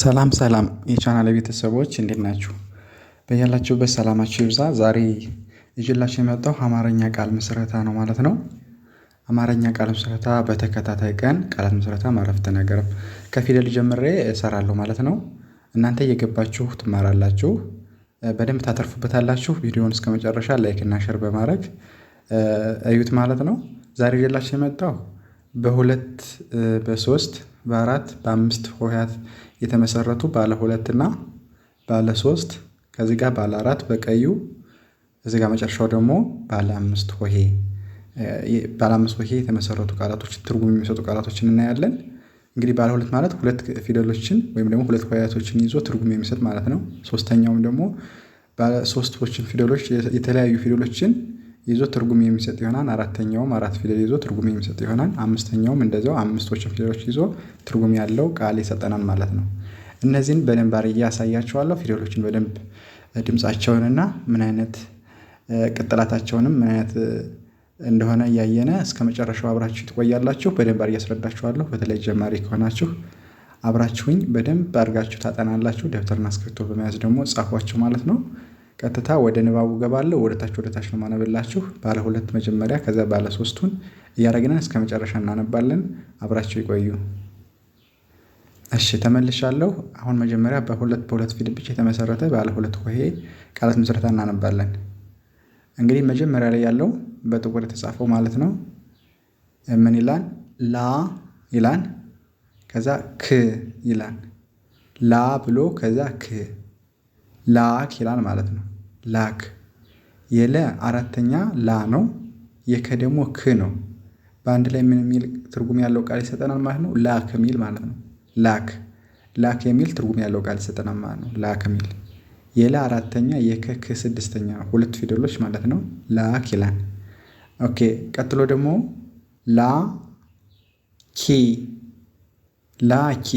ሰላም ሰላም የቻናል ቤተሰቦች እንዴት ናችሁ? በያላችሁበት ሰላማችሁ ይብዛ። ዛሬ ይዤላችሁ የመጣው አማርኛ ቃል ምስረታ ነው ማለት ነው። አማርኛ ቃል ምስረታ በተከታታይ ቀን ቃላት ምስረታ ማረፍተ ነገር ከፊደል ጀምሬ እሰራለሁ ማለት ነው። እናንተ እየገባችሁ ትማራላችሁ፣ በደንብ ታተርፉበታላችሁ። ቪዲዮን እስከ መጨረሻ እና ሸር በማድረግ እዩት ማለት ነው። ዛሬ ይዤላችሁ የመጣው በሁለት በሶስት በአራት በአምስት ሆሄያት የተመሰረቱ ባለ ሁለት እና ባለ ሶስት ከዚህ ጋር ባለ አራት በቀዩ እዚህ ጋር መጨረሻው ደግሞ ባለ አምስት ሆሄ ባለ አምስት ሆሄ የተመሰረቱ ቃላቶች ትርጉም የሚሰጡ ቃላቶችን እናያለን። እንግዲህ ባለ ሁለት ማለት ሁለት ፊደሎችን ወይም ደግሞ ሁለት ሆሄያቶችን ይዞ ትርጉም የሚሰጥ ማለት ነው። ሶስተኛውም ደግሞ ባለ ሶስቶችን ፊደሎች የተለያዩ ፊደሎችን ይዞ ትርጉም የሚሰጥ ይሆናል። አራተኛውም አራት ፊደል ይዞ ትርጉም የሚሰጥ ይሆናል። አምስተኛውም እንደዚያው አምስቶችን ፊደሎች ይዞ ትርጉም ያለው ቃል ይሰጠናል ማለት ነው። እነዚህን በደንብ አድርጌ ያሳያቸዋለሁ። ፊደሎችን በደንብ ድምፃቸውንና ምን አይነት ቅጥላታቸውንም ምን አይነት እንደሆነ እያየነ እስከ መጨረሻው አብራችሁ ትቆያላችሁ። በደንብ አድርጌ አስረዳችኋለሁ። በተለይ ጀማሪ ከሆናችሁ አብራችሁኝ በደንብ አድርጋችሁ ታጠናላችሁ። ደብተርና እስክሪብቶ በመያዝ ደግሞ ጻፏቸው ማለት ነው። ቀጥታ ወደ ንባቡ ገባለሁ ወደታች ወደታች ነው ማነብላችሁ ባለ ሁለት መጀመሪያ ከዛ ባለ ሶስቱን እያደረግን መጨረሻ እናነባለን። አብራችሁ ይቆዩ። እሺ ተመልሻለሁ። አሁን መጀመሪያ በሁለት በሁለት ፊደል ብቻ የተመሰረተ ባለ ሁለት ሆሄ ቃላት ምስረታ እናነባለን። እንግዲህ መጀመሪያ ላይ ያለው በጥቁር የተጻፈው ማለት ነው። ምን ይላል? ላ ይላል። ከዛ ክ ይላል። ላ ብሎ ከዛ ክ ላክ ይላል ማለት ነው። ላክ የለ አራተኛ ላ ነው። የከ ደግሞ ክ ነው። በአንድ ላይ ምን የሚል ትርጉም ያለው ቃል ይሰጠናል ማለት ነው? ላክ የሚል ማለት ነው። ላክ ላክ የሚል ትርጉም ያለው ቃል ይሰጠናል ማለት ነው። ላክ የሚል የለ አራተኛ የከ ክ ስድስተኛ ሁለት ፊደሎች ማለት ነው። ላክ ይላል። ኦኬ ቀጥሎ ደግሞ ላ ኪ ላኪ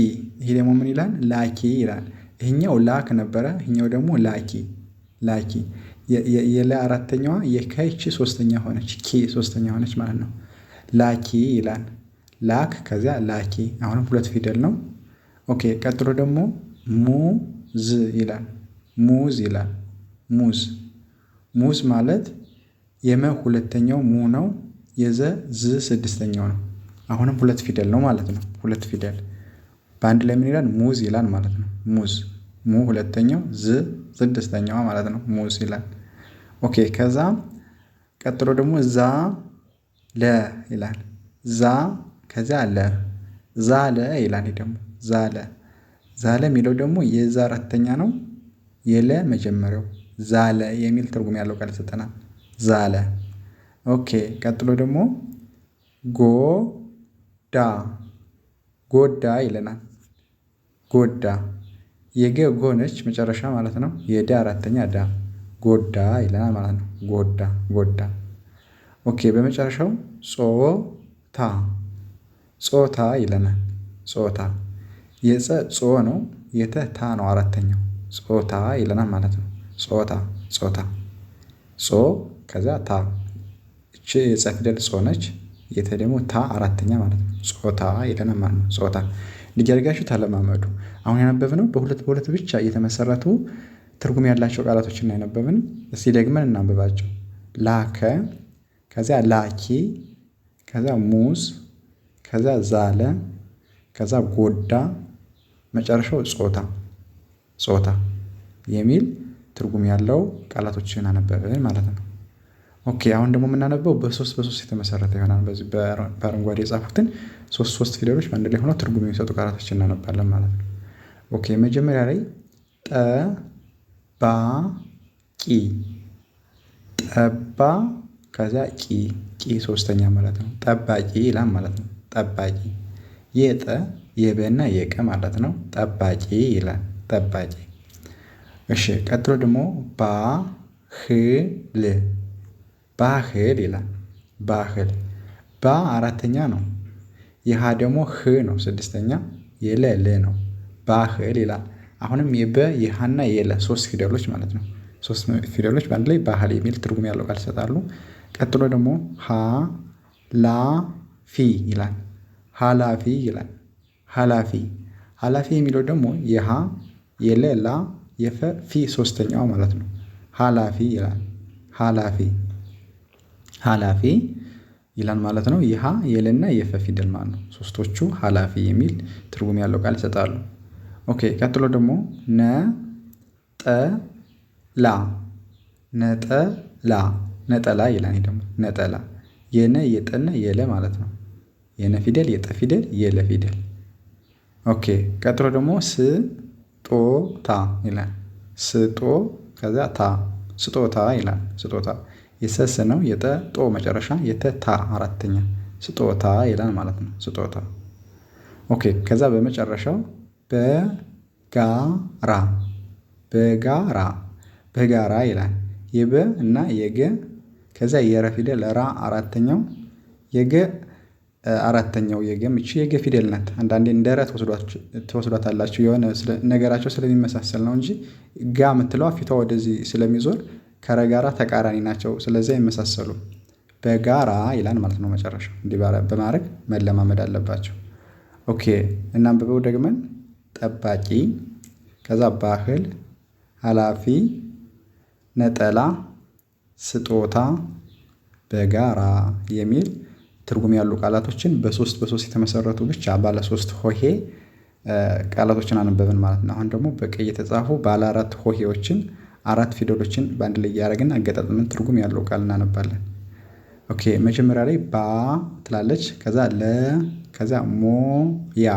ይሄ ደግሞ ምን ይላል? ላኪ ይላል። ይሄኛው ላክ ነበረ ይሄኛው ደግሞ ላኪ ላኪ የለ አራተኛዋ የከይቺ ሶስተኛ ሆነች ኪ ሶስተኛ ሆነች ማለት ነው። ላኪ ይላል ላክ ከዚያ ላኪ አሁንም ሁለት ፊደል ነው። ኦኬ ቀጥሎ ደግሞ ሙዝ ይላል ሙዝ ይላል ሙዝ ሙዝ ማለት የመ ሁለተኛው ሙ ነው። የዘ ዝ ስድስተኛው ነው። አሁንም ሁለት ፊደል ነው ማለት ነው። ሁለት ፊደል በአንድ ላይ ምን ይላል ሙዝ ይላል ማለት ነው። ሙዝ ሙ ሁለተኛው ዝ ስድስተኛዋ ማለት ነው ሙዝ ይላል። ኦኬ ከዛ ቀጥሎ ደግሞ ዛ ለ ይላል ዛ ከዚያ ለ ዛለ ይላል ደግሞ ዛለ ዛለ የሚለው ደግሞ የዛ አራተኛ ነው። የለ መጀመሪያው ዛለ የሚል ትርጉም ያለው ቃል ይሰጠናል። ዛለ ኦኬ ቀጥሎ ደግሞ ጎ ዳ ጎዳ ይለናል። ጎዳ የገ ጎነች መጨረሻ ማለት ነው። የደ አራተኛ ዳ ጎዳ ይለናል ማለት ነው። ጎዳ ጎዳ። ኦኬ በመጨረሻው ጾታ ጾታ ይለናል። ጾታ የጸ ጾ ነው የተ ታ ነው አራተኛው ጾታ ይለናል ማለት ነው። ጾታ ጾታ ጾ ከዚያ ታ እቺ የፀ ፊደል ጾ ነች የተ ደግሞ ታ አራተኛ ማለት ነው። ጾታ ይለናል ነው። ጾታ ልጅ አድርጋችሁ ታለማመዱ። አሁን ያነበብነው በሁለት በሁለት ብቻ እየተመሰረቱ ትርጉም ያላቸው ቃላቶችን ያነበብን። እስቲ ደግመን እናንብባቸው። ላከ፣ ከዚያ ላኪ፣ ከዚያ ሙዝ፣ ከዚያ ዛለ፣ ከዛ ጎዳ፣ መጨረሻው ጾታ ጾታ የሚል ትርጉም ያለው ቃላቶችን አነበብን ማለት ነው። ኦኬ አሁን ደግሞ የምናነበው በሶስት በሶስት የተመሰረተ ይሆናል። በዚህ በአረንጓዴ የጻፉትን ሶስት ሶስት ፊደሎች በአንድ ላይ ሆኖ ትርጉም የሚሰጡ ቃላቶች እናነባለን ማለት ነው። ኦኬ መጀመሪያ ላይ ጠባቂ ጠባ ከዚያ ቂ ቂ ሶስተኛ ማለት ነው። ጠባቂ ይላል ማለት ነው። ጠባቂ የጠ የበና የቀ ማለት ነው። ጠባቂ ይላል። ጠባቂ እሺ። ቀጥሎ ደግሞ ባህል ባህል ይላል ባህል ባ አራተኛ ነው። የሃ ደግሞ ህ ነው ስድስተኛ የለ ነው ባህል ይላል። አሁንም የበ የሃና የለ ሶስት ፊደሎች ማለት ነው። ሶስት ፊደሎች በአንድ ላይ ባህል የሚል ትርጉም ያለው ቃል ይሰጣሉ። ቀጥሎ ደግሞ ሀ ላ ፊ ይላል ሀላፊ ይላል ሀላፊ ሀላፊ የሚለው ደግሞ የሃ የለ ላ የፈ ፊ ሶስተኛው ማለት ነው። ሀላፊ ይላል ሀላፊ ሀላፊ ይላል ማለት ነው። ይሃ የልና የፈ ፊደል ማለት ነው። ሶስቶቹ ሀላፊ የሚል ትርጉም ያለው ቃል ይሰጣሉ። ኦኬ ቀጥሎ ደግሞ ነጠላ ነጠላ ነጠላ ይላል። ደግሞ ነጠላ የነ የጠና የለ ማለት ነው። የነ ፊደል የጠ ፊደል የለ ፊደል። ኦኬ ቀጥሎ ደግሞ ስጦታ ይላል። ስጦ ከዛ ታ ስጦታ ይላል። ስጦታ የሰስ ነው የጠጦ መጨረሻ የተታ አራተኛ ስጦታ ይላል ማለት ነው። ስጦታ ኦኬ። ከዛ በመጨረሻው በጋራ በጋራ በጋራ ይላል። የበ እና የገ ከዛ የረ ፊደል ራ አራተኛው የገ አራተኛው የገ እቺ የገ ፊደል ናት። አንዳንዴ እንደ ረ ትወስዷታላችሁ የሆነ ነገራቸው ስለሚመሳሰል ነው እንጂ ጋ የምትለዋ ፊቷ ወደዚህ ስለሚዞር ከረጋራ ተቃራኒ ናቸው። ስለዚህ አይመሳሰሉም። በጋራ ይላል ማለት ነው። መጨረሻው እንዲህ በማድረግ መለማመድ አለባቸው። ኦኬ እናንብበው ደግመን። ጠባቂ፣ ከዛ ባህል፣ ኃላፊ፣ ነጠላ፣ ስጦታ፣ በጋራ የሚል ትርጉም ያሉ ቃላቶችን በሶስት በሶስት የተመሰረቱ ብቻ ባለ ሶስት ሆሄ ቃላቶችን አንበብን ማለት ነው። አሁን ደግሞ በቀይ የተጻፉ ባለ አራት ሆሄዎችን አራት ፊደሎችን በአንድ ላይ እያደረግን አገጣጥመን ትርጉም ያለው ቃል እናነባለን። ኦኬ መጀመሪያ ላይ ባ ትላለች። ከዛ ለ ከዛ ሞ ያ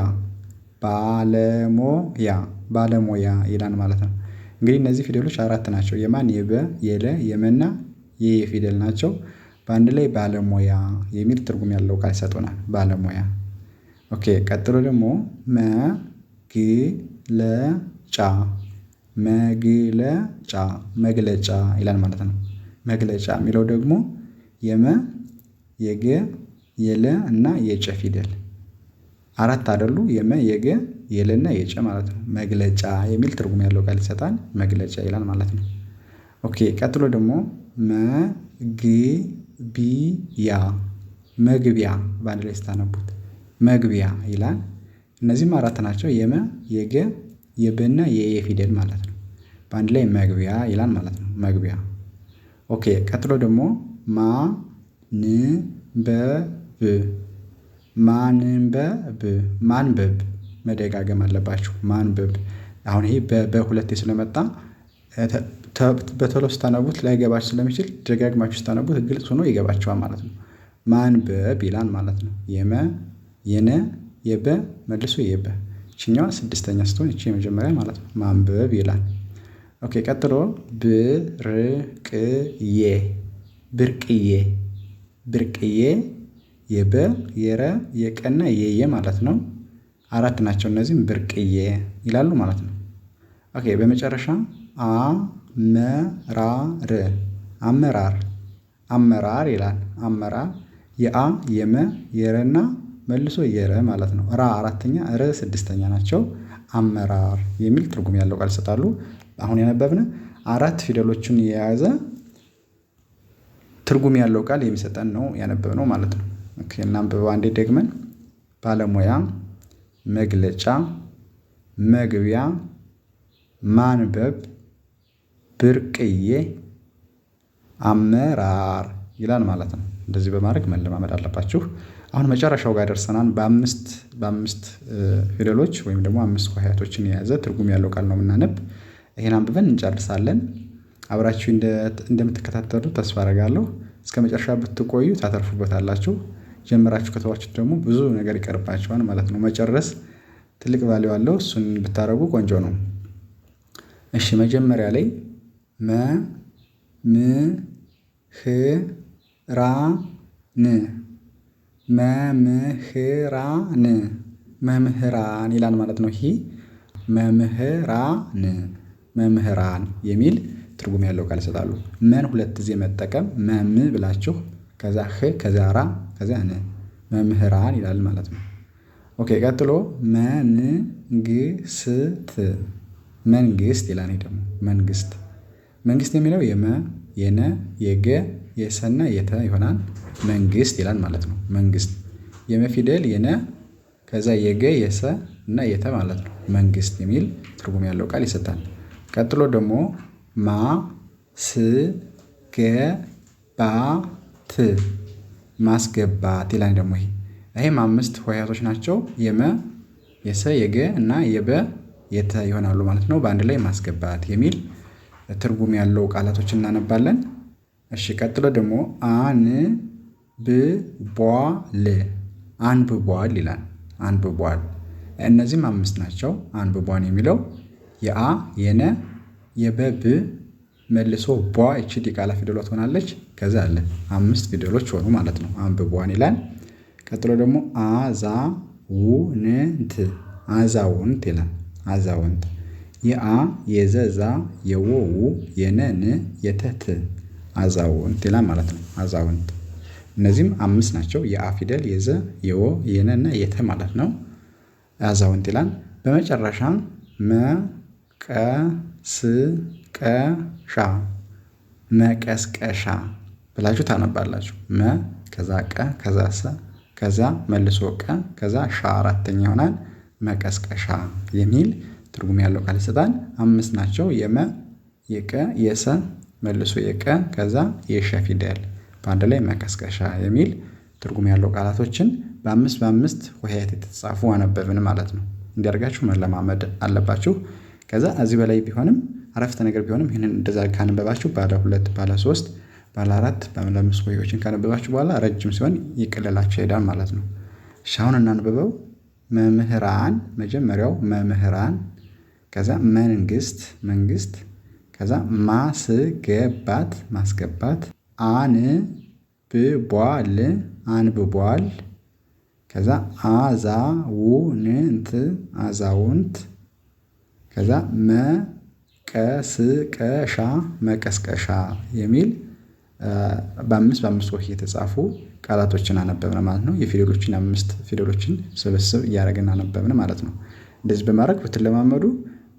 ባለሞ ያ ይላን ማለት ነው። እንግዲህ እነዚህ ፊደሎች አራት ናቸው። የማን የበ የለ የመና የየ ፊደል ናቸው። በአንድ ላይ ባለሞያ የሚል ትርጉም ያለው ቃል ይሰጡናል። ባለሞያ። ኦኬ ቀጥሎ ደግሞ መግለጫ መግለጫ መግለጫ ይላል ማለት ነው። መግለጫ የሚለው ደግሞ የመ የገ የለ እና የጨ ፊደል አራት አደሉ የመ የገ የለና የጨ ማለት ነው መግለጫ የሚል ትርጉም ያለው ቃል ይሰጣል መግለጫ ይላል ማለት ነው። ኦኬ ቀጥሎ ደግሞ መግቢያ መግቢያ በአንድ ላይ ስታነቡት መግቢያ ይላል እነዚህም አራት ናቸው የመ የገ የበና የየ ፊደል ማለት ነው በአንድ ላይ መግቢያ ይላል ማለት ነው። መግቢያ። ኦኬ። ቀጥሎ ደግሞ ማንበብ ማንበብ ማንበብ መደጋገም አለባችሁ። ማንበብ አሁን ይሄ በሁለቴ ስለመጣ በቶሎ ስታነቡት ላይገባችሁ ስለሚችል ደጋግማችሁ ስታነቡት ግልጽ ሆኖ ይገባችኋል ማለት ነው። ማንበብ ይላል ማለት ነው። የመ የነ የበ መልሶ የበ ችኛዋ ስድስተኛ ስትሆን እቺ የመጀመሪያ ማለት ነው። ማንበብ ይላል። ኦኬ ቀጥሎ ብርቅዬ ብርቅዬ ብርቅዬ የበ የረ የቀና የየ ማለት ነው። አራት ናቸው እነዚህም ብርቅዬ ይላሉ ማለት ነው። ኦኬ በመጨረሻ አመራር አመራር አመራር ይላል። አመራር የአ የመ የረና መልሶ የረ ማለት ነው። ራ አራተኛ ረ ስድስተኛ ናቸው። አመራር የሚል ትርጉም ያለው ቃል ይሰጣሉ። አሁን ያነበብን አራት ፊደሎችን የያዘ ትርጉም ያለው ቃል የሚሰጠን ነው ያነበብነው ማለት ነው። እናንብበው በአንዴ ደግመን። ባለሙያ፣ መግለጫ፣ መግቢያ፣ ማንበብ፣ ብርቅዬ፣ አመራር ይላል ማለት ነው። እንደዚህ በማድረግ መለማመድ አለባችሁ። አሁን መጨረሻው ጋር ደርሰናል። በአምስት በአምስት ፊደሎች ወይም ደግሞ አምስት ሆሄያቶችን የያዘ ትርጉም ያለው ቃል ነው የምናነብ። ይህን አንብበን እንጨርሳለን። አብራችሁ እንደምትከታተሉ ተስፋ አደርጋለሁ። እስከ መጨረሻ ብትቆዩ ታተርፉበታላችሁ። ጀምራችሁ ከተዋችሁት ደግሞ ብዙ ነገር ይቀርባቸዋል ማለት ነው። መጨረስ ትልቅ ቫሊው አለው። እሱን ብታደረጉ ቆንጆ ነው። እሺ መጀመሪያ ላይ መ ም ህ ራ ን መምህራን መምህራን ይላል ማለት ነው። ይህ መምህራን መምህራን የሚል ትርጉም ያለው ቃል ይሰጣሉ። መን ሁለት ጊዜ መጠቀም መም ብላችሁ ከዛ ህ ከዛ ራ ከዛ ነ መምህራን ይላል ማለት ነው። ኦኬ ቀጥሎ መንግስት መንግስት ይላል። ደግሞ መንግስት መንግስት የሚለው የመ የነ የገ የሰና የተ ይሆናል መንግስት ይላል ማለት ነው። መንግስት የመፊደል የነ ከዛ የገ የሰ እና የተ ማለት ነው። መንግስት የሚል ትርጉም ያለው ቃል ይሰጣል። ቀጥሎ ደግሞ ማ ስ ገ ባ ት ማስገባት ይላል። ደግሞ ይሄ ይሄም አምስት ሆሄያቶች ናቸው። የመ የሰ የገ እና የበ የተ ይሆናሉ ማለት ነው። በአንድ ላይ ማስገባት የሚል ትርጉም ያለው ቃላቶች እናነባለን። እሺ ቀጥሎ ደግሞ አን ብ ቧ ል አንብቧል ይላል። አንብቧል እነዚህም አምስት ናቸው። አንብቧን የሚለው የአ የነ የበብ መልሶ ቧ ይቺ ዲቃላ ፊደሏ ትሆናለች። ከዛ አለ አምስት ፊደሎች ሆኑ ማለት ነው። አንብቧን ይላል። ቀጥሎ ደግሞ አዛ ውንት አዛውንት ይላል። አዛውንት የአ የዘዛ የወው የነን የተት አዛውንት ይላል ማለት ነው። አዛውንት እነዚህም አምስት ናቸው። የአ ፊደል የዘ የወ የነና የተ ማለት ነው። አዛውንት ይላል። በመጨረሻ መ ቀስቀሻ መቀስቀሻ ብላችሁ ታነባላችሁ። መ ከዛ ቀ ከዛ ሰ ከዛ መልሶ ቀ ከዛ ሻ አራተኛ ይሆናል። መቀስቀሻ የሚል ትርጉም ያለው ቃል ይሰጣል። አምስት ናቸው። የመ የቀ የሰ መልሶ የቀ ከዛ የሸ ፊደል በአንድ ላይ መቀስቀሻ የሚል ትርጉም ያለው ቃላቶችን በአምስት በአምስት ሆሄያት የተጻፉ አነበብን ማለት ነው። እንዲያደርጋችሁ መለማመድ አለባችሁ። ከዛ እዚህ በላይ ቢሆንም አረፍተ ነገር ቢሆንም ይህንን እንደዛ ካነበባችሁ ባለ ሁለት፣ ባለ ሶስት፣ ባለ አራት፣ ባለ አምስት ካነበባችሁ በኋላ ረጅም ሲሆን ይቅልላችሁ ይሄዳል ማለት ነው። ሻሁን እናንብበው። መምህራን መጀመሪያው መምህራን፣ ከዛ መንግስት መንግስት፣ ከዛ ማስገባት ማስገባት፣ አንብቧል አንብቧል፣ ከዛ አዛውንት አዛውንት ከዛ መቀስቀሻ መቀስቀሻ የሚል በአምስት በአምስት ወህ የተጻፉ ቃላቶችን አነበብን ማለት ነው። የፊደሎችን አምስት ፊደሎችን ስብስብ እያደረግን አነበብን ማለት ነው። እንደዚህ በማድረግ ብትለማመዱ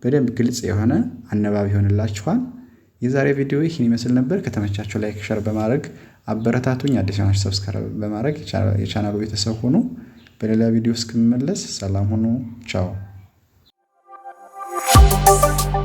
በደንብ ግልጽ የሆነ አነባብ ይሆንላችኋል። የዛሬ ቪዲዮ ይህን ይመስል ነበር። ከተመቻቸው ላይክ፣ ሸር በማድረግ አበረታቱኝ። አዲስ የሆናችሁ ሰብስክራይብ በማድረግ የቻናሉ ቤተሰብ ሆኑ። በሌላ ቪዲዮ እስክንመለስ ሰላም ሁኑ። ቻው thank you